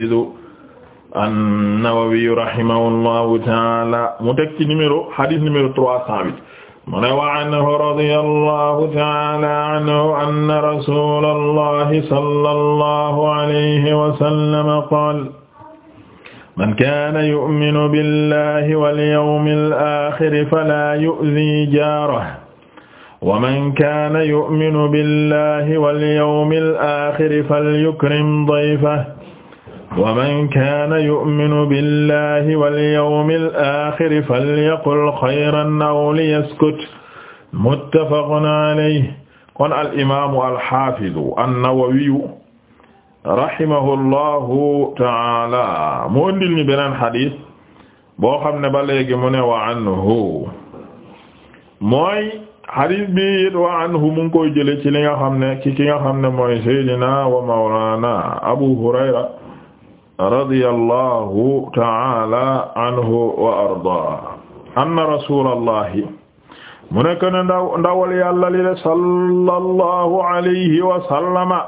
an-Nawawi rahimahullahu taala mu teg ci numéro hadith numéro trois cent huit mu ne wa anhu radiyallahu taala anhu anna rasulallahi sallallahu alayhi wa sallam qaala man kaana yu'minu billahi wal yawmil aaxiri falaa yu'zii jaarahu wa man kaana yu'minu billahi wal yawmil aaxiri falyukrim dayfahu wa man kaana yu'minu billahi wal yawmil aaxiri falyaqul xayran aw liyaskut muttafaqun alayhi kon al imaamu al xaafidu an-nawawiyu rahimahullahu ta'aala mu indil ñu beneen xadis boo xam ne ba léegi mu ne wa anhu mooy xadis bi wa anhu mu ngi koy jëlee ci li nga xam ne ci ki nga xam ne mooy sayyidina wa mawlaana Abu Hurayra radiyallahu ta'ala anhu wa arda anna rasulallahi mu nekk ne ndaw ndawal yàlla li de sallallahu alayhi wa sallama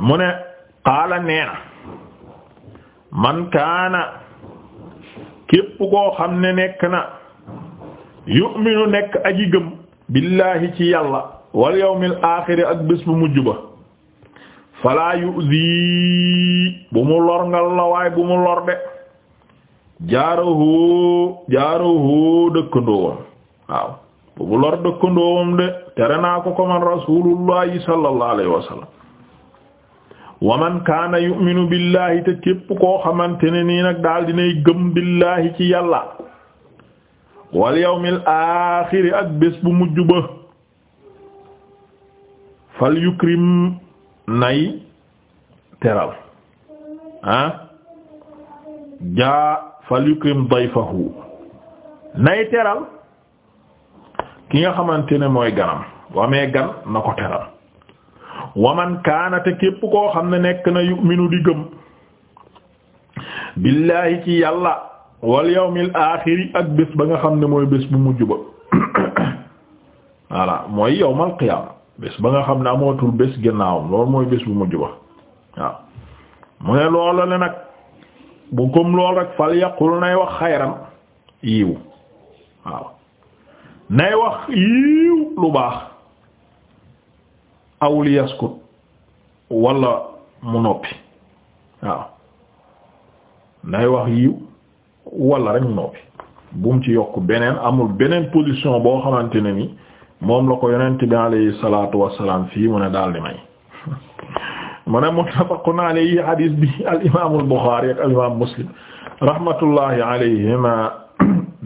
mu ne qaala neena man kaana képp koo xam ne nekk na yu'minu nekk aji gëm billahi ci yàlla wal yawmil aaxiri ak bés bu mujj ba fala yuzi bu mu lor ngal la bu mu lor de jaaruhu jaaruhu dëkkandoowam waaw bu mu lor dëkkandoowam de tere naa ko ko man rasulullahi sallallahu alayhi wa wa man kaana yu'minu billahi te képp koo xamante ne nii nag daal dinay gëm billahi ci yàlla wal yawmil aaxiri ak bés bu mujj ba fal yukrim nay teral ah jaa falyukrim dayfahu nay teral ki nga xamante ne mooy ganam wamee gan na ko teral waman kaana te képp koo xam ne nekk na yu'minu di gëm billaahi ci yàlla wal yawmil aaxiri ak bés ba nga xam ne mooy bés bu mujj ba voilà mooy yawmal qiyaama ba nga xam ne amootul bés ginnaawam loolu mooy bés bu mujj ba waaw mu ne loolu la nag bu comme lool rek fal yàqul nay wax xayran yiw waaw nay wax yiiw lu baax aw li yaskut walla mu noppi waaw nay wax yiiw walla rek mu noppi bu mu ci yokk beneen amul beneen position boo xamante ne nii moom la ko yonent bi alayhi salaatu wassalaam fii mu ne daal di may mu ne muttafaqun alayhi hadis bi al imaam al Buxaari ak al imaam Muslim rahmatullahi alayhima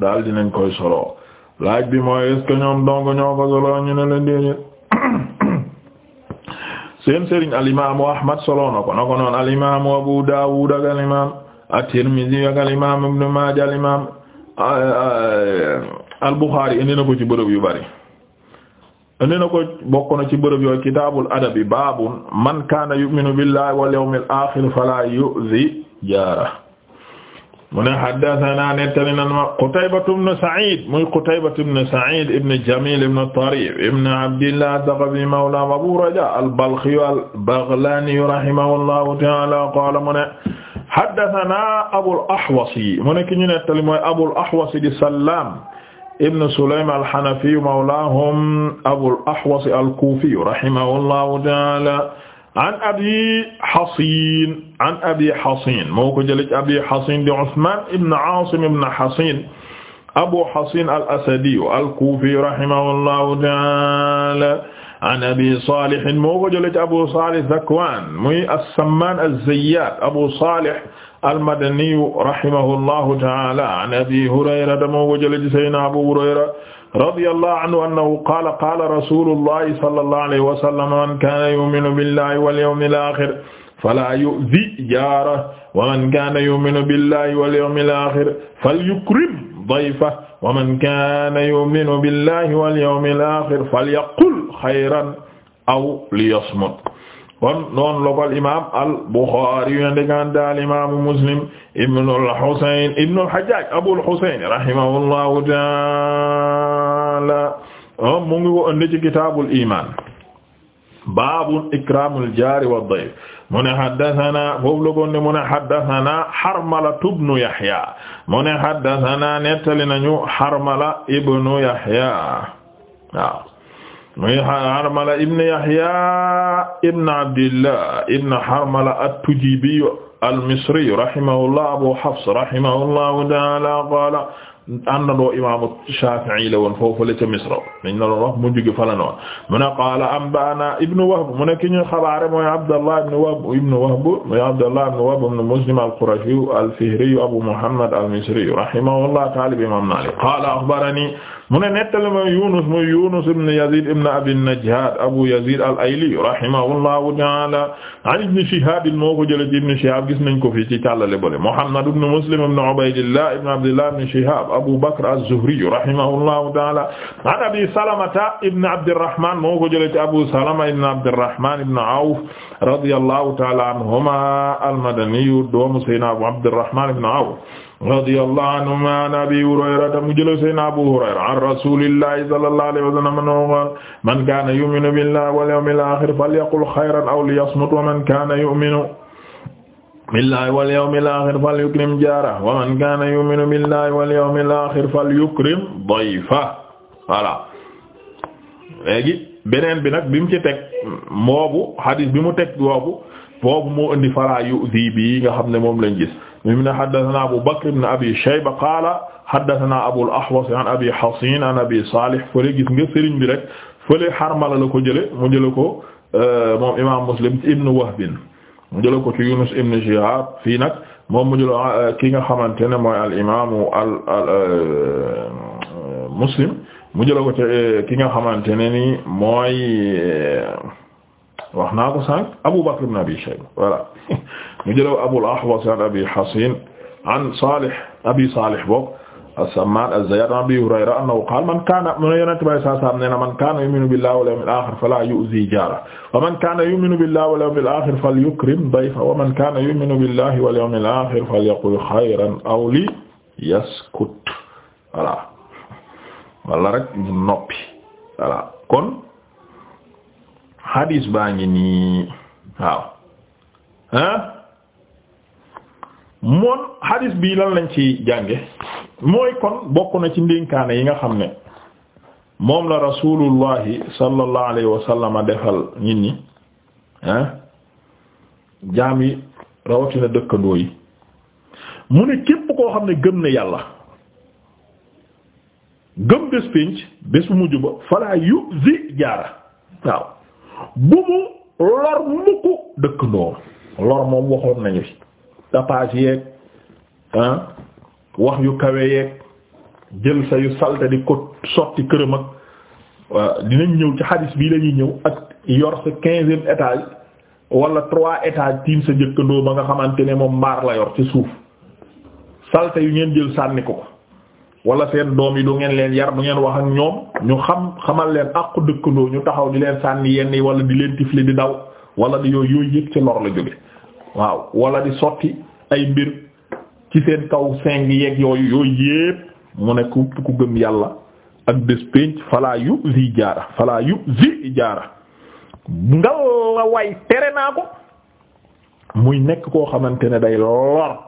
daal di nañ koy solo laaj bi mooy est-ce que ñoom dong ñoo ko solo ñu ne leen déedéet seen sëriñ al imaamu Ahmad solo na ko na ko noonu al imaamu Abu Daawud ak al imaam at-Tirmidhi ak al imaam Ibn Maaja al imaam al Buxaari indi na ko ci bërëb yu bari. indi na ko bokk na ci bërëb yooyu kitaabul adabi baabun man kaana yu'minu billahi wal yawmil aaxir falaa yu'zi jaara mu ne haddasanaa nettali nan ma Qutaybatu ibn Sa'iid muy Qutaybatu ibn Sa'iid ibn Jamiil ibn Tariif ibn Abdillah Thaqafi mawla Abu Rajaa al-Balkhi al-Baghlaani rahimahullahu ta'aala qaala mu ne haddasanaa Abul Ahwas mu ne ki ñu nettali mooy Abul Ahwas di Sallaam ibn Sulaym al-Hanafi mawlaahum Abul Ahwas al-Kufi rahimahullahu ta'ala an Abi Hasin an Abi Hasin moo ko jëlee ci Abi Hasin di Usman ibn Asim ibn Hasin Abu Hasin al-Asadi al-Kufi rahimahullahu ta'ala an abi salih moo ko jëlee ci abu salih Zakwan muy as-Samman az-Zayyat abu salih al-Madaniyu rahimahullahu ta'ala an abi Hurayrata moo ko jëlee ci sayyidina abu Hurayra radiyallahu anhu annahu qaala qaala rasulullahi sallallahu alayhi wa sallam man kaana yu'minu billahi wal yawmil akhir fala yu'zi jaarahu wa man kaana yu'minu billahi wal yawmil akhir falyukrim dayfahu wa man kaana yu'minu billahi wal yawmil aaxir falyaqul xayran aw liyasmut kon noonu la ko al imaam al Buxaari yu ne al imaamu Muslim ibnu al Husayn ibnu al Hajjaaj Abul Husayn rahimahullahu ta'aala mu ngi ko andi ci kitaabul iimaan baabun ikraamul jaari wa dayf mu ne haddasanaa foofu la ko ne mu ne haddasanaa Harmala ibnu Yahya mu ne haddasanaa nettali nañu Harmala ibnu Yahya waaw muy Harmala ibnu Yahya ibnu Abdillah ibnu Harmala at-Tujibi al-Misri rahimahullah Abu Hafs rahimahullahu ta'aala qaala àndandoo imaamu Shaafi'i la woon foofu la ca Misra dañ la doon wax mu jóge fa la woon mu ne qaala anba'anaa ibnu Wahb mu ne ki ñu xabaare mooy Abdallah ibnu Wahb ibnu Wahb mooy Abdallah ibnu Wahb ibnu Muslim al-Qurashi al-Fihri Abu Muhammad al-Misri rahimahullah ta'aala imaam Maalik qaala axbaranii mu ne nettali ma Yunus muy Yunus ibn Yazid ibn Abi Najjad Abu Yazid al-Ayli rahimahullahu ta'ala an Ibn Shihab moo ko jëlee ci Ibn Shihab gis nañ ko fii ci tallale bële Muhammad ibn Muslim ibn Ubaydillah ibn Abdillah ibn Shihab Abu Bakr az-Zuhri rahimahullahu ta'ala an Abi Salamata ibn Abdirrahman moo ko jëlee ci Abu Salama ibn Abdirrahman ibn Awf radiyallahu ta'ala anhuma al-Madani doomu Sayyidina Abdirrahman ibn Awf radiyallahu anhu an abi hurayrata mu jëla sayna abu hurayra an rasulillahi sallallahu alayhi wa sallam nogal man kana yu'minu billahi wal yawmil akhir falyaqul khayran aw liyasmut wa man kana yu'minu billahi wal yawmil akhir falyukrim jaarahu wa man kana yu'minu billahi wal yawmil akhir falyukrim dayfahu voilà léegi beneen bi nag bi mu ci teg moobu hadis bi mu teg boobu boobu moo indi fala yu zi bi nga xam ne moom lañ gis mu ne haddathana Abu Bakr ibn Abi Shayba qaala haddathana Abul Ahwas an Abi Hasin an Abi Salih fële gis nga sëriñ bi rek fële Harmala la ko jële mu jële ko euh, moom imaam Muslim ibn Wahb mu jële ko ci Yunus ibn Shihab fii nag moom mu jële euh, ki nga xamante ne mooy al imaamu al euh, Muslim mu jële ko ci ki nga xamante ne ni mooy wax naa ko sànq Abu Bakr ibn Abi Shayba voilà mu jëlaw Abul Ahwas an Abi Hasin an Salih Abi Salih bok as-Samman az-Zayyat an Abi Hurayra annahu qala man kana mu ne yonente bay saa saam nee na man kana yu'minu billahi wal yawmil akhir fala yu'zi jara wa man kana yu'minu billahi wal yawmil akhir falyukrim dayfa wa man kana yu'minu billahi wal yawmil akhir falyaqul khayran aw liyaskut voilà wala rek noppi voilà kon xadiis baa ngi nii waaw ah moon xadiis bii lan lañ ci jànge mooy kon bokk na ci ndénkaane yi nga xam ne moom la rasulullahi sallallahu alayhi wa sallam defal nit ñi ah jaam yi rawatina dëkkandoo yi mu ne képp koo xam ne gëm na yàlla gëm bés pénc bés bu mujj ba falaa yu zi jaara waaw bu mu mukk dëkk lor moom waxoon nañu fi tapage yeeg wax yu kawe yeeg jël sa yu salte di ko sotti këram ak waaw dinañ ñëw ci xadis bii lañuy ñëw ak yor sa quinzième étage wala trois étages tiim sa jëkkandoo ba nga xamante ne moom mbaar la yor ci suuf salte yu ngeen jël sànni ko ko wala seen doom yi du ngeen leen yar du ngeen wax ak ñoom ñu xam xamal leen àqu dëkkandoo ñu taxaw di leen sànni yenn yi wala di leen tifli di daw wala di yooyu yooyu yëpp ci lor la jóge waaw wala di sotti ay mbir ci seen kaw seng yeeg yooyu yooyu mu ne ku ku gëm yàlla ak bés pénc falaa yu zi jaara falaa yu zi jaara ngal la tere naa ko muy nekk koo xamante ne day lor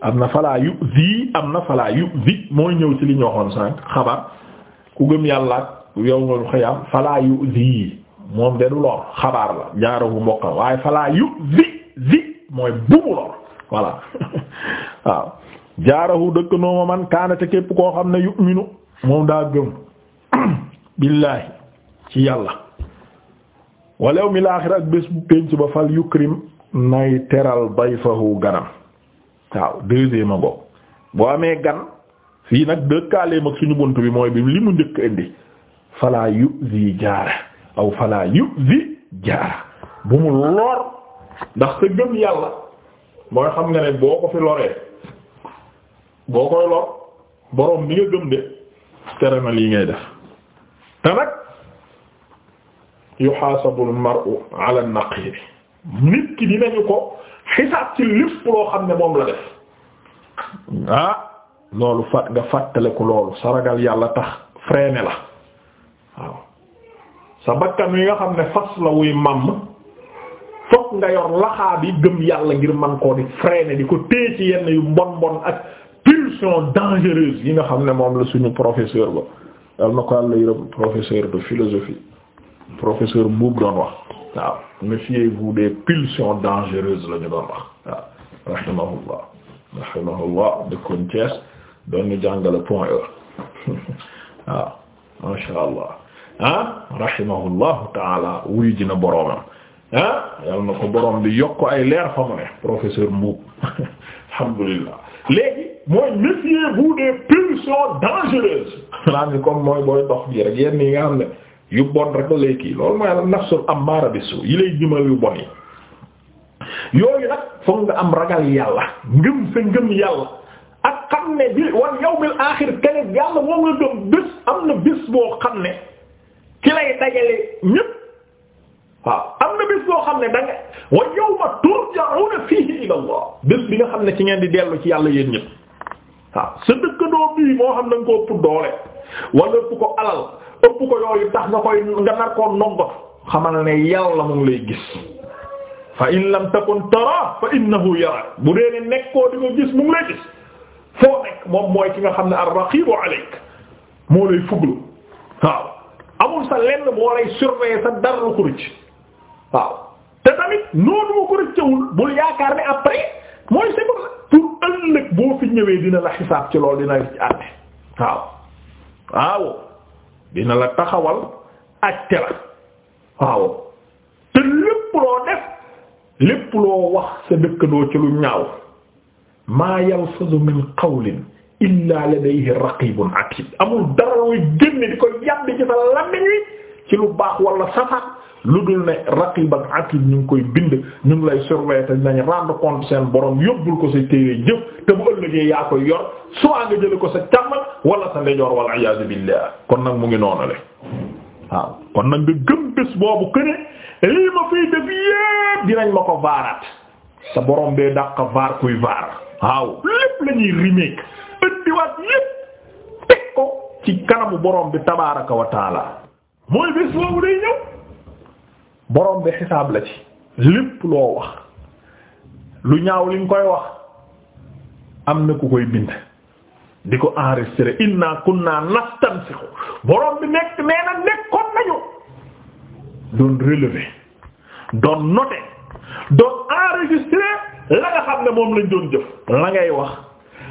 am na falaa yu zi am na falaa yu zi mooy ñëw ci liñ waxoon sànq xabar ku gëm yàlla ak yow nga xëyam falaa yu zi moom de du lor xabaar la jaarawu mbokk waaye falaa yu zi zi mooy buubu lor voilà waaw jaarawu dëkk nooma man kaana te képp koo xam ne yu'minu moom daa gëm billaahi ci yàlla wal yawmil aaxir ak bés bu penc ba fal yukrim nay teral dayfahu ganam waaw deuxième a ngoog boo amee gan fii nag dëkkaaleem ak suñu bunt bi mooy bi li mu njëkk indi falaa yu zi jaara aw falaa yu zi jaara bu mu lor ndax sa gëm yàlla mooy xam nga ne boo ko fi loree boo koy lor boroom bi nga gëm de tere na lii ngay def te nag yuhaasabu al mar'u ala an-naqir nit ki dinañu ko xisaab ci lépp loo xam ne moom la def ah loolu fat nga fàttaleku loolu sa ragal yàlla tax freiné la waaw sa bakkan yi nga xam ne fas la wuy màmm fokk nga yor laxaab yi gëm yàlla ngir man koo di freiné di ko téye ci yenn yu mbon mbon ak pulsion dangereuse yi nga xam ne moom la suñu professeur ba yàlla na ko yàlla yërëm professeur de philosophie professeur buub doon wax waaw méfiez-vous des pulsions dangereuses la ñu doon wax waaw rahimahullah rahimahullah dëkkoon Thiès point heure waaw masha allah ah rahimahullahu taala wuyu ji na boroomam ah, ko boroom bi yokk ay leer fa mu professeur Mbuub alhamdulillah léegi mooy méfiez-vous des pulsions dangereuses maanaam comme mooy booy dox bi rek yi nga xam ne yu bon rek la lay kii loolu mooy al nafsul ammaara bisu yi lay jumal yu bon yi yooyu nag foog nga am ragal yàlla ngëm sa ngëm yàlla ak xam ne bi wal yawmil aaxir keneen yàlla moom am na bés boo xam ne ci lay dajale ñépp waaw na bés boo xam ne da nga wa Allah bés bi nga xam ne ci ngeen di dellu ci yàlla yéen ñépp waaw sa dëkkandoo bii moo xam na nga ko ëpp doole wala ëpp ko alal ëpp ko yooyu tax nga koy nga nar koo nongot xamal ne yàlla mu ngi lay gis fa in lam takun tara yara bu dee ne nekkoo di ko gis mu ngi lay gis foo moom mooy ki nga xam ne ar-raqibu alayk moo lay fuglu waaw amul sa lenn moo lay surveiller sa dara lu ko rëcc te tamit noonu ma ko rëccewul bul yaakaar ne après mooy c'est bon pour ëllëg boo fi ñëwee dina la xisaab ci lool dina la ci àtte waaw dina la taxawal àtte la waaw te lépp loo def lépp loo wax sa dëkkandoo ci lu ñaaw maa yalfazu min qawlin illa ladayhi raqibun atid amul dara looy génne di ko yàbbi ci sa làmmiñ wi ci lu baax walla safar lu dul ne raqib ak atid ñu ngi koy bind ñu lay surveiller te dinañ rendre compte seen borom yóbbul ko sa téere jëf te bu ëllëgee yaa koy yor soo nga jële ko sa càmmal wala sa ndejoor wal iyaazu billah kon nag mu ngi noonu waaw kon nag nga gëm bés boobu que lii ma fiy def yépp dinañ ma ko vaaraat sa borom bee dàq vaar kuy vaar waaw lépp la remake ëndiwaat lépp teg ko ci kanamu borom bi tabaaraka wa mooy bés boobu day ñëw. boroom bi xisaab la ci lépp loo wax lu ñaaw liñ koy wax am na ku koy bind di ko enregistré inna kunna nastansikhu borom bi nekk nee na nekkoon nañu doon relever doon noter doon enregistré la nga xam ne moom lañ doon jëf la ngay wax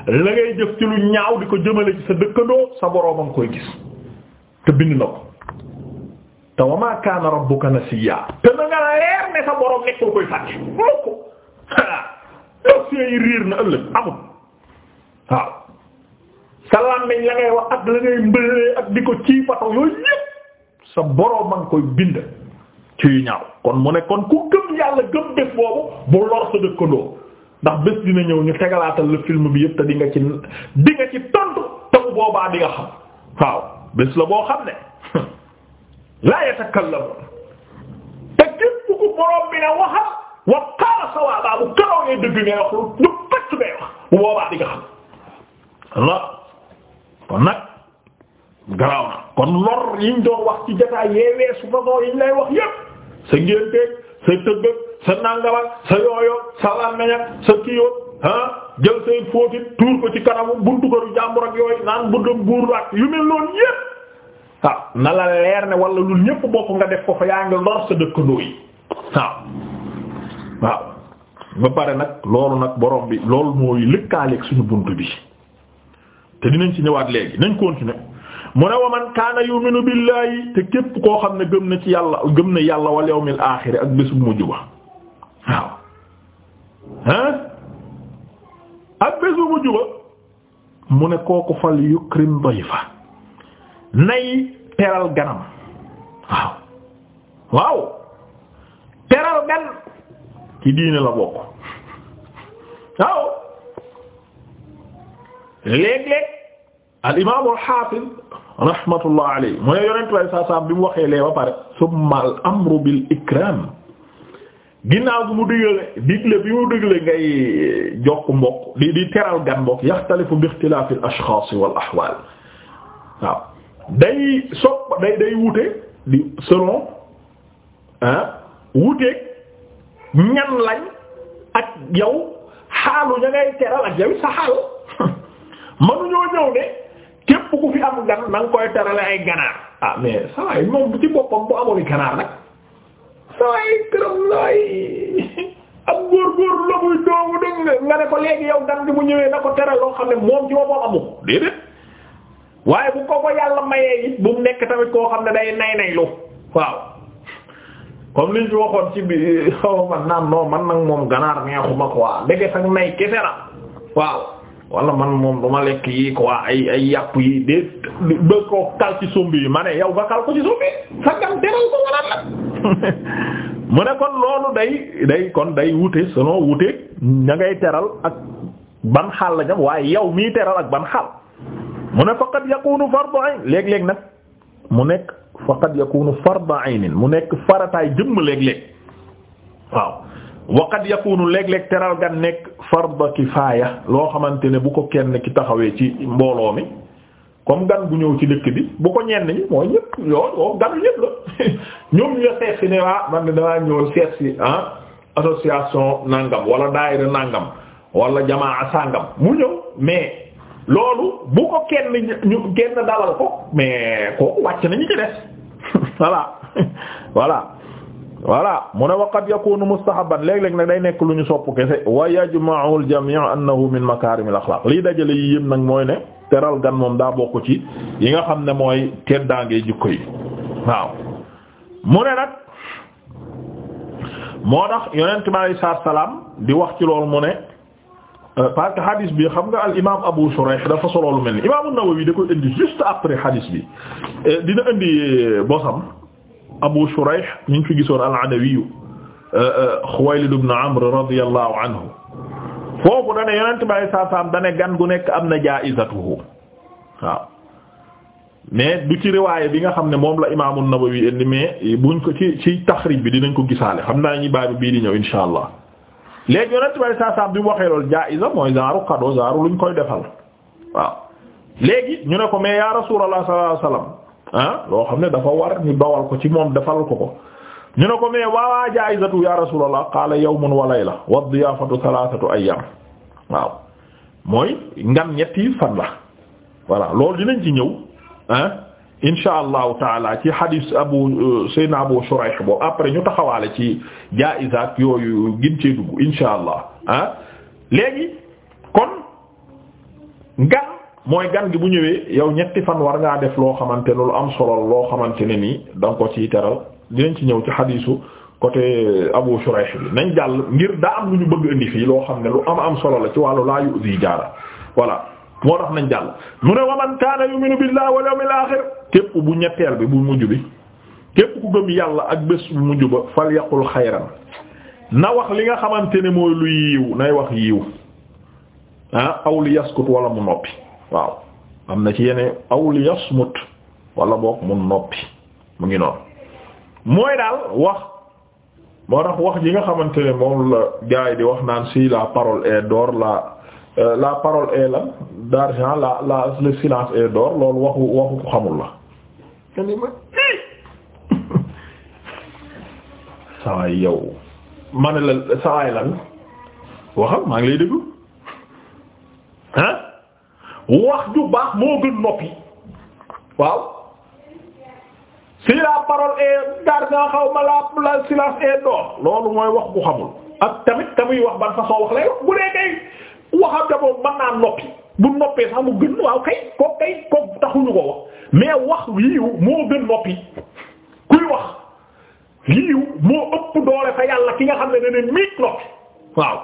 la ngay jëf ci lu ñaaw di ko jëmale ci sa dëkkandoo sa boroomam koy gis te bind na ko te wa maa kaana rabbuka nasiya te na nga ne sa borom nekkul koy fàtte mukk dossier yi riir na ëllëg amul waaw sa làmmiñ la ngay wax ak la ngay mbëlee ak di ko ci façon yooyu yépp sa borom ma ngi koy bind ci yu ñaaw kon mu ne kon ku gëm yàlla gëm bés boobu bu lor sa dëkkandoo ndax bés dina ñëw ñu tegalaatal le film bi yépp te di ci di ci tontu te boobaa di xam waaw bés la boo xam ne laa yatakallamu te képp ku borom bi ne waxal wa qaala sawaaba bu keroog ngay dëgg ngay wax lu du pàcc wax bu boobaa di nga xam alors kon nag garaaw na kon lor yiñ wax ci jotaay yee weesu façon yiñ lay wax yépp sa ngénteeg sa tëbbëg sa nangamal sa yooyo sa làmmeñak sa kiyo ah jël say fóotit tuur ko ci kanamu buntu këru jàmbur ak yooyu naan bu dem buur ak yu mel yépp waaw na la leer ne wala lu ñépp bokk nga def ko fa yaa ngi lor sa dëkkandoo yi waaw waaw ba pare nag loolu nag borom bi loolu mooy lëkkaaleeg suñu bunt bi te dinañ ci ñëwaat léegi nañ continuer mu ne wa man kaana yuminu billahi te képp koo xam ne gëm na ci yàlla gëm na yàlla wal yawmil aaxiri ak bés bu mujj ba waaw ah ak bés bu mujj ba mu ne kooku fal yukrim dayfa nay teral ganam waaw waaw teral gan ci diine la bokk waaw léeg-léeg al imaam al haafiz rahmatullah alayhi mu ne yonent way saa saam bi mu waxee lee ba pare summa al amru bil ikram ginnaaw bi mu digle digle bi mu digle ngay jokk mbokk di di teral gan mbokk yaxtalifu bi ixtilaafi al ashxaas wal ahwaal waaw day sopp day day wute di selon ah wuteeg ñan lañ ak yow xaalu ña ngay teral ak yow sa xaal manuñoo ñëw ne képp ku fi am gan na nga koy terale ay ganaar ah mais saa yi moom bu ci boppam bu amul ganaar nag saa yi këram am góor-góor la nga ne ko léegi yow gan bi mu ñëwee na ko teral loo xam ne moom ci boppam amul déedéet. waaye bu ko ko yàlla mayee bu mu nekk tamit koo xam ne day nay nay lu waaw comme liñ fi waxoon ci biir xaw man naan non man nag moom ganaar neexuma quoi ndeke sax nay kese la waaw wala man moom duma lekk yi quoi ay ay yàpp yi de ba ko kal ci sumb yi ma ne yow ba kal ko ci sumbi sa gam teral ko wala la mu ne kon loolu day day kon day wute selon wute ña ngay teral ak ban xaal la jam waaye yow mii teral ak ban xaal mu ne faqad yakunu fardu ayn léeg-léeg nag mu nekk faqad yakunu fardu aynin mu nekk farataay jëmm léeg-léeg waaw waqad yakunu léeg-léeg teral gan nekk fardu kifaaya loo xamante ne bu ko kenn ki taxawee ci mbooloo mi comme gan bu ñëw ci dëkk bi bu ko ñenn ñi mooy ñëpp yoo yoo ganu ñëpp la ñoom ñu seet si ne waa man damaa ñëw seet si ah, association nangam wala daayira nangam walla jamaa sangam mu ñëw mais. loolu bu ko kenn ñu kenn dalal ko mais kooku wàcc nañu ci des voilà voilà voilà mu ne waqad yakunu mustahaban léeg-léeg nag day nekk lu ñu sopp kese wa yajma'u al-jami' min makarim al-akhlaq dajale yi yëpp nag mooy ne teral gan moom daa bokk ci yi nga xam ne mooy teddaangee jikko yi waaw mu ne nag moo tax yonent bi alayhi salaam di wax ci loolu mu ne Euh, parce que hadis bi xam nga al imaam Abu Shurayh dafa solo mel ni imaam An-Nawawi da koy indi juste après hadis bi dina indi euh, bosam Abu Shurayh ñu ngi fi gisoon al-Adawi Xuwaylid euh, ibn Amr radiyallahu anhu foofu dane yonent bàyyi saa saam dane gan gu nekk am na jaa'izatuhu waaw mais du ci riwaaye bi nga xam ne moom la imaam An-Nawawi indi mais buñ ko ci ci taxrij bi dinañ ko gisaale xam naa ñi baabi bii di ñëw insha allah léegi yonent bari saa bi mu waxee loolu jaa'iza mooy zaaru cadeau zaaru luñ koy defal waaw léegi ñu ne ko mais ya Rasulullah sallallahu alayhi ah, loo xam ne dafa war ñu bawal ko ci moom defal ko ko ñu ne ko mais waawaa jaa'izatu ya Rasulullah qaala yawmun wa layla wa diyaafatu thalathatu ayyam waaw mooy ngam ñetti fan la voilà loolu dinañ ci ñëw ah. insha allahu taala ci hadis abu euh, sayna abu shuraih boobu après ñu taxawaale ci jaiza yooyu gin cee dugg insha allah ah léegi kon gan mooy gan gi bu ñëwee yow ñetti fan war ngaa def loo xamante ne lu am solo loo xamante ne nii da nga ko ciy teral dinañ ci ñëw ci hadisu côté abu shuraih bi nañ jàll ngir daa am lu ñu bëgg indi fii loo xam ne lu am am solo la ci wàllu laa yu di jaara voilà moo tax nañ jàll mu ne waman kaana yu'minu billahi wal yawmil akhir képp bu ñetteel bi bu mujj bi képp ku gëm yàlla ak bés bu mujj ba fal yaqul xayran na wax li nga xamante ne mooy lu yiiw nay wax yiw ah aw yaskut wala mu noppi waaw am na ci yeneen aw li yasmut wala boog mu noppi mu ngi noonu mooy daal wax moo tax wax yi nga xamante ne moom la gaay di wax naan si la parole est d'or la Euh, la parole est là d'argent la la le silence est d'or loolu waxu waxu ko xamul la sawaay yow ma la sawaay lan waxal maa ngi lay déglu ah wax ju baax moo gën noppi waaw si la parole est d'argent xaw ma la la silence est d'or loolu mooy wax bu xamul ak tamit tamuy wax ban façon wax lay wax bu dee kay waxam da boobu mën naa noppi bu noppee sax mu gën waaw kay ko kay ko taxuñu ko wax mais wax yiiw moo gën noppi kuy wax yiiw moo ëpp doole fa yàlla ki nga xam ne dana miit noppi waaw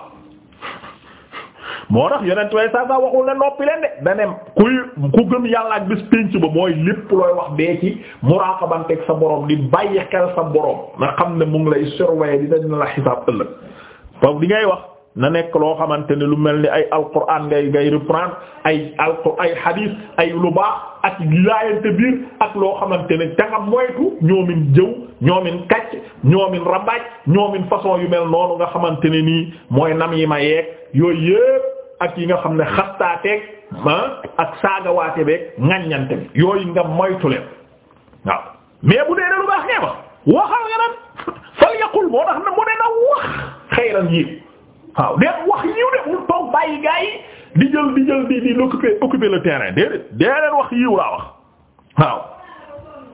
moo tax yeneen way saa saa waxul ne noppi leen de da kuy ku gëm yàlla ak bis pénc ba mooy lépp looy wax dee ci muraqabante ak sa borom di bàyyi xel sa borom nga xam ne mu ngi lay surveiller dina dina la xisaab ëllëg donc di wax na nekk loo xamante ne lu mel ni ay alquran ngay ngay reprendre ay alqur ay hadith ay lu baax ak laayante biir ak loo xamante ne danga moytu ñoomin jëw ñoomin kacc ñoomin rabaaj ñoomin façon yu mel noonu nga xamante ne nii mooy nam yi ma yeeg yooyu yëpp ak yi nga xam ne xastaateeg ah ak saagawaate beeg ŋaññante bi yooyu nga moytu waaw mais bu dee ne lu baax nee ma waxal nga naan fal yaqul moo tax na mu ne na wax xayran yi waaw deen wax yiw de bul toog bàyyi gaa yi di jël di jël di di l'occuper occuper le terrain déedéet déedéet wax yiw laa wax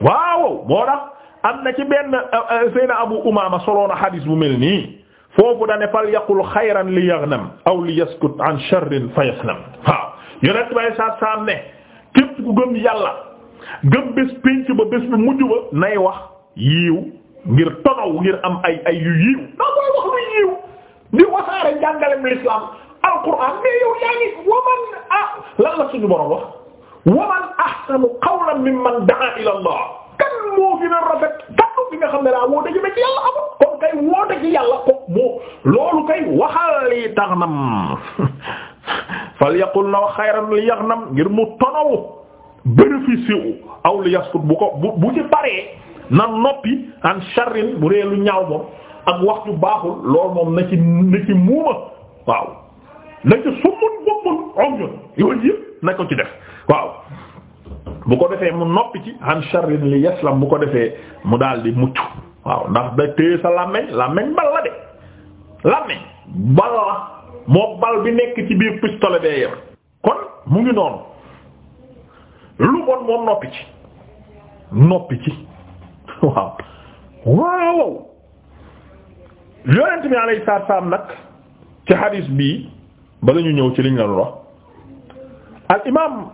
waaw waaw moo tax am na ci benn euh, euh, Seyna Abu Umaama soloon a xadiis bu mel nii foofu da ne fal yaqul xayran li yaghnam aw li yaskut an sharrin fa yaslam waaw yonent bay sa saam ne képp ku gëm yàlla gëm bés pénc ba bés bu mujj ba nay wax yiiw ngir tonaw ngir am ay ay yu yiiw ndax mooy wax lu yiiw li wasaare njàngalem l'islam alquran mais yow yaa ngi waman ah lan la suñu borom wax waman ahsanu qawlan mimman da'a ila allah kan moo gën a rafet kaddu bi nga xam ne daa woote jëme ci yàlla amul kon kay woote ci yàlla ko moo loolu kay waxal li taxnam falyaqul na xayran li yaxnam ngir mu tonawu bénéfice wu aw li yaskut bu ko bu bu ci paree na noppi an sharrin bu reelu ñaaw moom ak wax ju baaxul lool moom na ci na ci muuma waaw na ci summun bumbun umyun yooyu yëpp na ko ci def waaw bu ko defee mu noppi ci an sharrin li yaslam bu ko defee mu dal di mucc waaw ndax da téye sa làmmeñ làmmeñ bal la de làmmeñ bal la moo bal bi nekk ci biir pistolet bee yem kon mu ngi noonu lu bon moom noppi ci noppi ci waaw waaw yonent bi alayhi salaam nag ci hadis bii bala ñu ñëw ci liñ la wax al imaam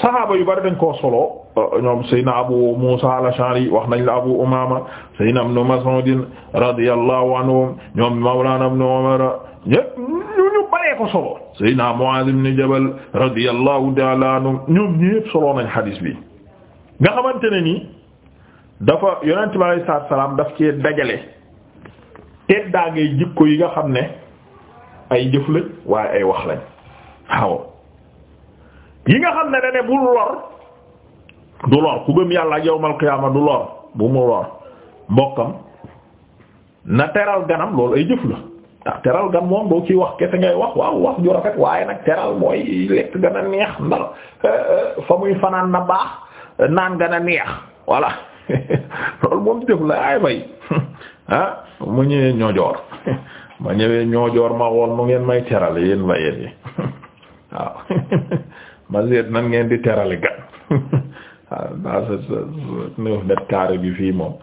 saxaaba yu bari dañ koo solo ñoom Seydina Abu Muusa al wax nañ la Abu Umaama Seydina Ibn Mas'ud radiyallahu anhum ñoom Mawlana Ibn Umar ñépp ñu ñu baree solo Seydina Mu'aaz ibn Jabal radiyallahu ta'ala anhum ñoom ñépp solo nañ hadis bi nga xamante ne nii dafa yonent bi alayhi salaam daf cee dajale. teddaa ngay jikko yi nga xam ne ay jëf lañ waaye ay wax lañ waaw yi nga xam ne da bu lor du lor ku gëm yàlla ak yawmal qiyaama du lor bu mu lor mbokkam na teral ganam loolu ay jëf la ndax teral gan moom doo ci wax kese ngay wax waaw wax ju rafet waaye nag teral mooy lekk gën a neex ndax fa muy fanaan na baax naan gën a neex voilà loolu moom jëf la ay bay ah mu ñëwee ñoojoor ma ñëwee ñoojoor ma woon mu ngeen may teral yéen la yéen yi waaw nan ngeen di terali gan waaw bi fii moom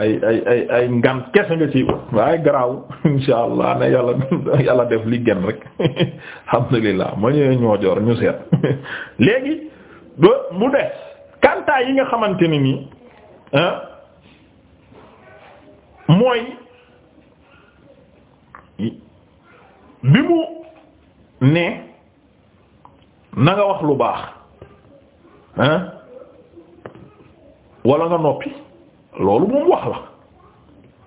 ay ay ay ay ngan kese nga ci waaye garaaw insha allah ne yàlla yàlla def li gën rek alhamdulillah ma ñëwee ñoojoor ñu seet léegi do mu des kantaa yi nii mooy bi mu ne na wax lu baax ah wala nga noppi loolu moom wax la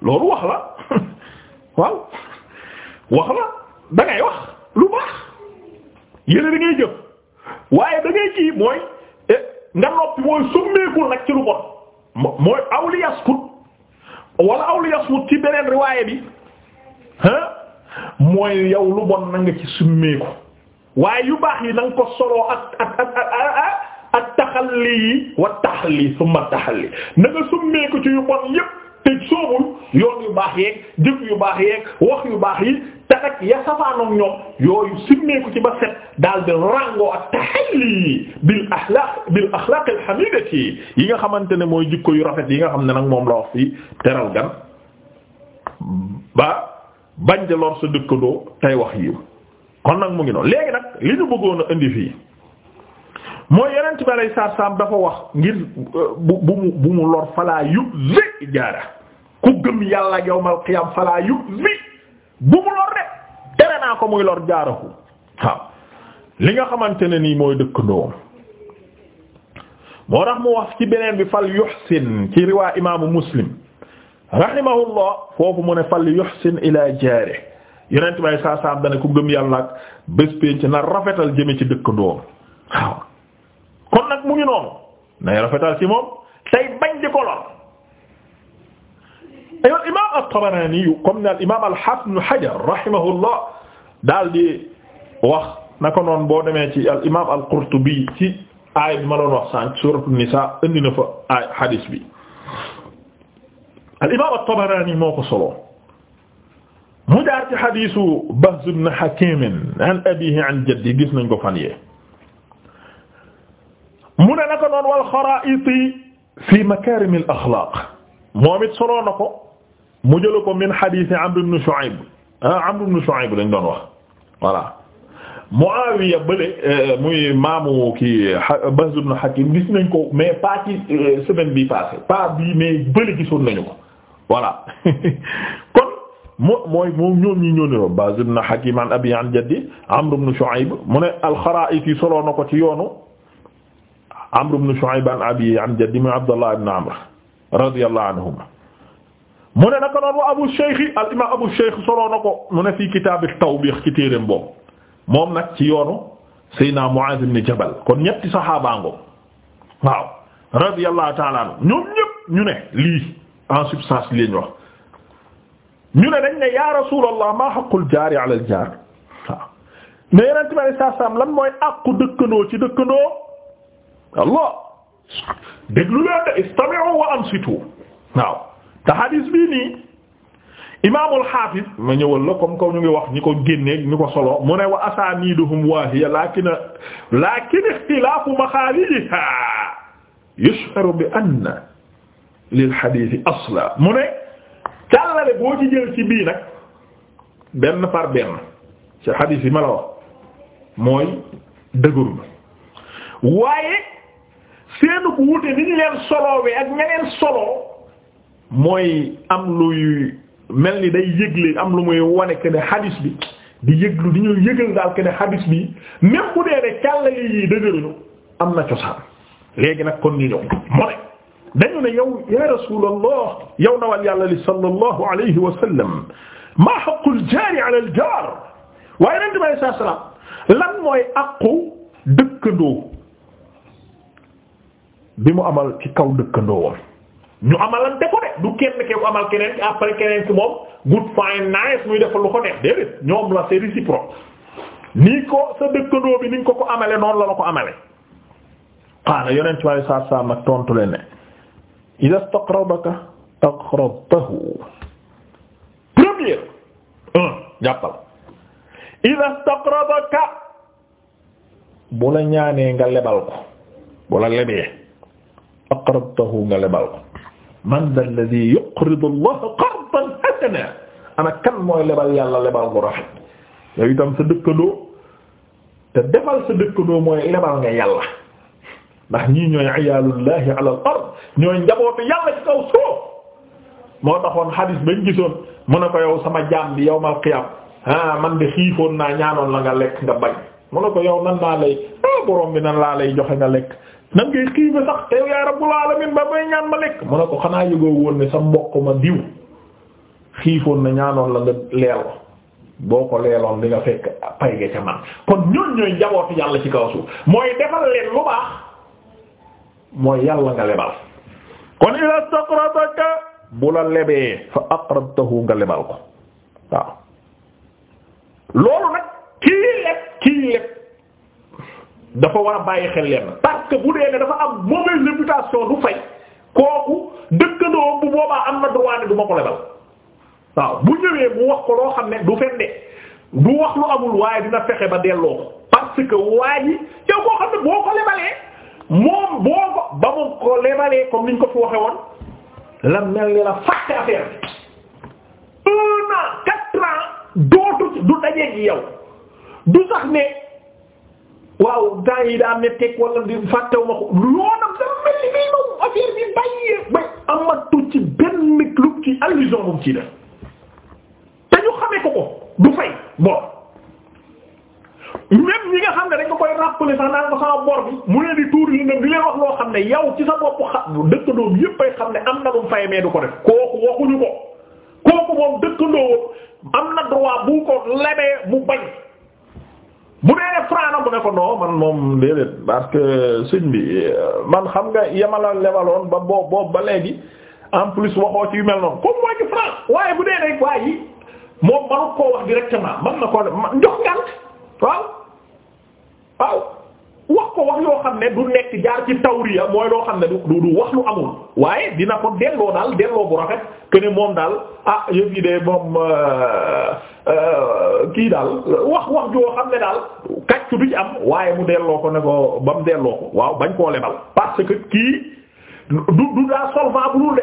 loolu wax la waaw wax la da wax lu baax yéene da jëf waaye da ngay kii mooy eh, nga noppi mooy summeekul nag ci lu bon mooy awli yaskut wala awli yaskut ci beneen riwaaya bi ah mooy yow lu bon na nga ci summeeku waaye yu baax yi na nga ko soloo ak ak ak ak ak taxalli yi wa taxalli summa taxalli na nga summeeku ci yu bon yépp te soobul yoon yu baax yeeg jëf yu baax yeeg wax yu baax yi te nag ya safaanoog ñoom yooyu simmeeku ci ba set daal di rango ak tahalli bil axlaaq bil axlaaq al yi nga xamante ne mooy jikko yu rafet yi nga xam ne nag moom la wax fi teral gan ba bañ de lor sa dëkkandoo tey wax yiw kon nag mu ngi noonu léegi nag li ñu bëggoon indi fii mooy yeneen ci balay saar saam dafa wax ngir bu bu mu bu mu lor falaa yu zi jaara ku gëm yàlla yawmal qiyaam falaa yu zi bu mu lor de tere naa ko muy lor jaaraku waaw li nga xamante ne nii mooy dëkk ndoom moo tax mu wax ci beneen bi fal yuhsin ci riwaa imaamu muslim rahimahullah foofu mu ne fal yuhsin ila jaare yonent bay saa dana ku gëm yàlla ak bés pénc na rafetal jëme ci dëkk ndoom waaw kon nag mu ngi noonu nay rafetal ci moom tey bañ di ko lor al imam at-Tabarani comme ne al imam al-Hafiz ibn Hajar rahimahullah daal di wax naka noonu boo demee ci al imam al-Qurtubi ci aay bi ma doon wax sànq suuratu Nisaa indi na fa aay hadis bi al imam at-Tabarani moo ko solo mu jaar ci hadisu Bahz ibn Hakim an abiihi an jaddi gis nañ ko fan yee mu ne naka noonu wal xaraa'iti fi makaarim al axlaaq moom it solo na ko mu jël ko min hadith Amr ibn Shu'ayb ah Amr ibn Shu'ayb lañ doon wax voilà Muawiya bële eh, muy maamu ki Bahz ibn Hakim gis nañ ko mais pas ci eh, semaine bi passée pas bii mais bële gisoon nañu ko voilà kon moo mooy moom ñoom ñi ñoo niroo Bahz ibn Hakim an abi an jaddi Amr ibn Shu'ayb mu ne al-Khara'iti soloo na ko ci yoonu Amr ibn Shu'ayb an abi an jaddi muy Abdullah ibn Amr radiyallahu anhuma mu ne naka noonu wa abu sheikh al imaam abu sheikh soloo na ko mu ne fii kitaabi tawbiix ci téereem moom nag ci yoonu Seydina Muaaz ibn Jabal kon ñetti saxaabaango waaw radiyallahu ta'ala anhu ñoom ñëpp ñu ne lii en substance li ñu wax ñu ne maa haqqul jaari ala al jaar waaw mais saam lan mooy àqu dëkkandoo ci dëkkandoo Allah déglu leen de wa ansitu te hadis bii nii imaamul xaafis ma ñëwal la comme comme ñu ngi wax ñi ko génneeg ñu ko solo mu ne wa asaaniiduhum waahiya laakin laakin ixtilaafu maxaalijiha yush'iru bi anna lil hadiisi asla mu ne càllale benn par benn ci yi ma la wax mooy dëgërul waaye seenu bu wute ni ñu leen solowee ak ñeneen solo mooy am luy mel ni day yëgle am lu muy wane que ne hadis bi di yëglu di ñu yëgal daal que ne hadis bi même bu dee ne càllali yi dëgëruñu am na cosaan léegi nag kon ñu ñëw mu ne dañu ne yow ya rasulallah yow nawal yàlla li sallallahu alayhi wa sallam maa haqqul jaari ala al jaar waaye ren bi alayhi salaam lan mooy aqu dëkkandoo bi mu amal ci kaw dëkkandoowam ñu amalante ko de du kenn ke amal keneen après keneen ki moom good fine muy defal lu ko neex déedéet ñoom la c'est réciproque nii ko sa dëkkandoo bi ni ko ko amale noonu la la ko amale qaala yonent bi alei saatu tontu leen ne ida staqrabaka aqrabtahu première un jàppal bu la ñaanee nga lebal ko bu la lebee aqrabtahu nga lebal ko man dal ladhi yuqridu allaha qardan hasana ana kan mooy lebal yàlla lebal bu rafet yow itam sa dëkkandoo te defal sa dëkkandoo mooy lebal nga yàlla ndax ñii ñooy ayaalullahi ala al ard ñooy njabootu yàlla ci kaw moo taxoon xadis bañ gisoon mu ne ko yow sama jaam bi yawmal qiyaam ah man de xiifoon naa ñaanoon la nga lekk nga bañ mu ne ko yow nan laa ah, bi nan laa joxe nga lekk nan ngay xiife sax te yaa rabbul alamin ba bay ñaan ma lekk mu ne ko xanaa yëgoo woon ne sa mbokk ma diw xiifoon na ñaanoon la nga leel boo ko leeloon di nga fekk pay ga ca man kon ñooñ ñooy njabootu yàlla ci kaw suuf mooy defal leen lu baax mooy yàlla nga lebal kon ila staqrataka bu la lebee fa aqrabtahu nga lebal ko waaw loolu nag kii leb kii leb dafa war a bàyyi xel leen parce que bu dee ne dafa am mauvaise réputation du fay kooku dëkkandoo bu boobaa am na droit ne du ma ko lebal waaw bu ñëwee mu wax ko loo xam ne du fende du wax lu amul waaye dina fexe ba delloo ko parce que waa ji yow koo xam ne boo ko lebalee moom boo ko ba mu ko lebalee comme niñ ko fi waxe woon la mel ni la fàtte affaire bi un an quatre dootu du dajee gi yow du sax ne. waaw gaa yi daa métteeg wala di fàttewu ma ko loonam dama mel ni bii moom affaire bi bàyyee bay amatu ci benn lu ci allusion moom ci def te ñu xamee ko ko du fay bor même ñi nga xam ne dañ ko koy rappeler sax naan ko sama bor bi mu leen di tuur li nga di leen wax loo xam ne yow ci sa bopp xam dëkkandoom yépp ay xam ne am na lu mu fay mais du ko def kooku waxuñu ko kooku moom dëkkandoo am na droit bu ko lebee mu bañ bu dee ne franc mu ne ko non man moom déedéet parce que sëñ bi euh, man xam nga yamala lebaloon ba boobu boobu ba léegi en plus waxoo ci mel noonu comme waaye bu dee rek waa yi moom mënu koo wax directement man na ko jox ngant waaw wax ko wax yoo xam ne du nekk jaar ci tawriya mooy loo xam ne du du wax lu amul waaye dina ko delloo daal delloo bu rafet que moom daal ah yëf yi de moom euh, Euh, kii daal wax wax joo xam ne daal kàccu du ci am waaye mu delloo ko ne ko ba mu delloo ko waaw bañ koo lebal parce que kii du du daa solvant bu dul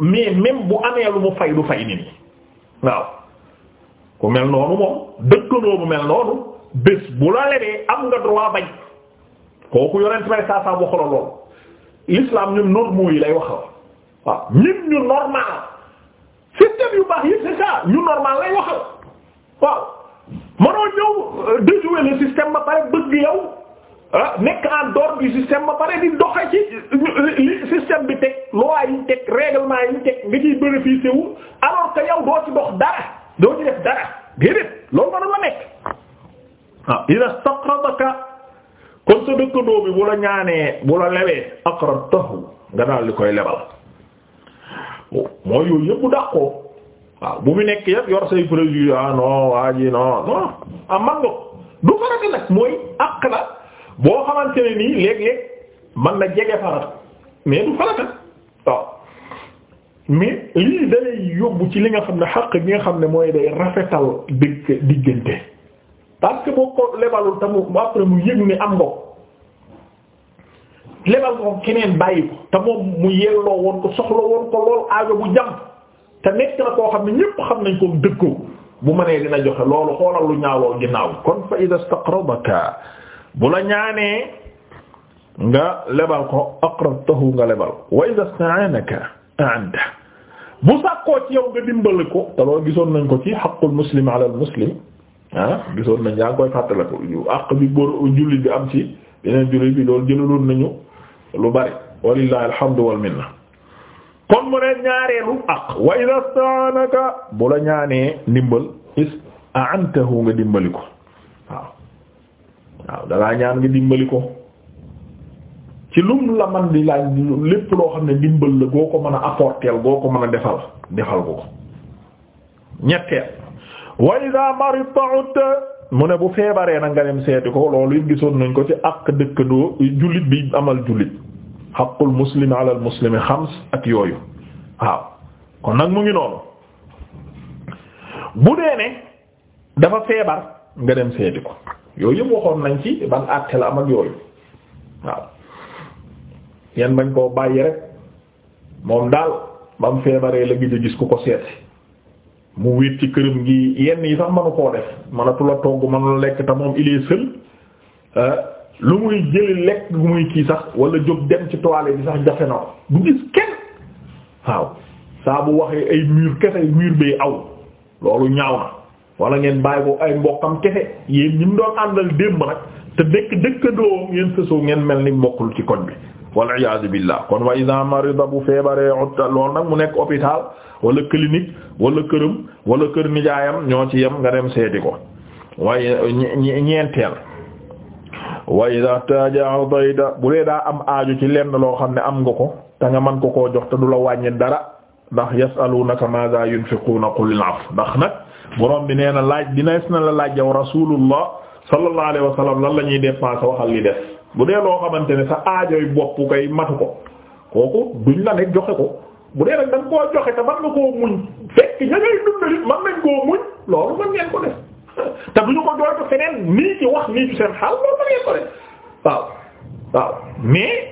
mais même bu amee lu mu fay du fay nit ñi waaw ku mel noonu moom dëkkandoo bu mel noonu bés bu la lebee am nga droit bañ kooku yorent may saa saa waxula lool l'islam ñun normaux yi lay waxal waaw ñun ñu normal système yu baax yi c'est ça ñu normal lay waxal waaw mënoo ñëw euh, déjouer le système ba pare bëgg yow ah nekk en dehors du système ba pare di doxe ci euh, li système bi teg loi yi teg règlement yi teg nga ciy bénéficier wu alors que yow doo ci dox dara doo ci def dara déedéet loolu mënul la nekk waaw ah, ila staqradaka kon sa dëkkandoo bi bu ñaane ñaanee bu la lewee aqrabtahu nga daal li koy lebal oh, mooy yooyu yëpp dàqoo waaw bu mu nekk yëpp yor say ah waa ji non non ah man nga du farata mooy àq la boo xamante ne lii dalay yóbbu ci li nga xam ne xaq gi nga xam ne mooy day rafetal digg diggante parce que boo ko lebalul tamu après mu yëg ni am nga lebal ko keneen bàyyi ko te moom mu yelloo woon ko soxla woon ko lool aajo bu jàmm. te nekk na koo xam ne ñépp xam nañ ko dëkko bu mënee dina joxe loolu xoolal lu ñaawoo ginnaaw kon fa ida staqrabaka bu la ñaanee nga lebal ko aqrabtahu nga lebal wa ida sta'anaka a'anda bu sàkkoo ci yow ga dimbali ko te loolu gisoon nañ ko ci xaqul muslim ala al muslim gisoon nañ yaa ngi koy fàttaliku bi bor bi am ci yeneen jullit bi loolu jëlaloon nañu lu bari walillahi alhamdu wal minna kon mu ne ñaareelu ak wa ida staanaka bu la ñaanee ndimbal is aantahu nga dimbali ko waaw waaw dalaa ñaan nga dimbali ko ci lum la man di laaj lépp loo xam ne ndimbal la goo ko mën a apporter goo ko mën a defal defal ko ko ñetteel wa ida maridta utta mu ne bu feebaree na nga dem seeti ko loolu it gisoon nañ ko ci ak dëkkandoo jullit bi amal jullit xaqul muslimi alal muslimi xams ak yooyu waaw kon nag mu ngi noonu bu dee ne dafa feebar nga dem seeti ko yooyu yëpp waxoon nañ ci ban àtte la am ak yooyu waaw yan bañ koo bàyyi rek moom daal ba mu feebaree la gis ku ko seeti mu wéet ci këram gi yenn yi sax mënu koo def mënatu la togg mënu la lekk te moom il est lu muy jëli lekk gu muy kii sax wala jóg dem ci toilette bi sax jafe na ko du gis kenn waaw saa bu waxee ay mur kese mur bay aw loolu ñaaw na wala ngeen bàyyi ko ay mbokkam kese yéen ñi mu doon àndal démb nag te dëkk dëkkandoo ngeen sësoo ngeen mel ni mbokkul ci koñ bi wal iyaadu billah kon wa idaa marida bu feebaree utta loolu nag mu nekk hôpital wala clinique wala këram walla kër nijaayam ñoo ci yem nga dem seeti ko waaye ñeenteel wa ida taja adayda bu dee daa am aajo ci leen na loo xam ne am nga ko te nga man koo jox te du la wàññi dara ndax yasalunaka madha yunfiquna qul al-'afw ndax nag borom bi nee na laaj dinaes na la laaj yow rasulullah sallallahu alayhi wa sallam lan la ñuy dépenser waxal li def bu dee loo xamante ne sa aajoy bopp koy matu ko kooku duñ la nekk joxe ko bu dee nag da koo joxe te man nga koo muñ fekk ña ngay dundal it man nañ koo muñ loolu mën ngeen ko def te du ñu ko jooytu feneen nii ci wax nii ci seen xaal loolu la ngeen ko def waaw waaw mais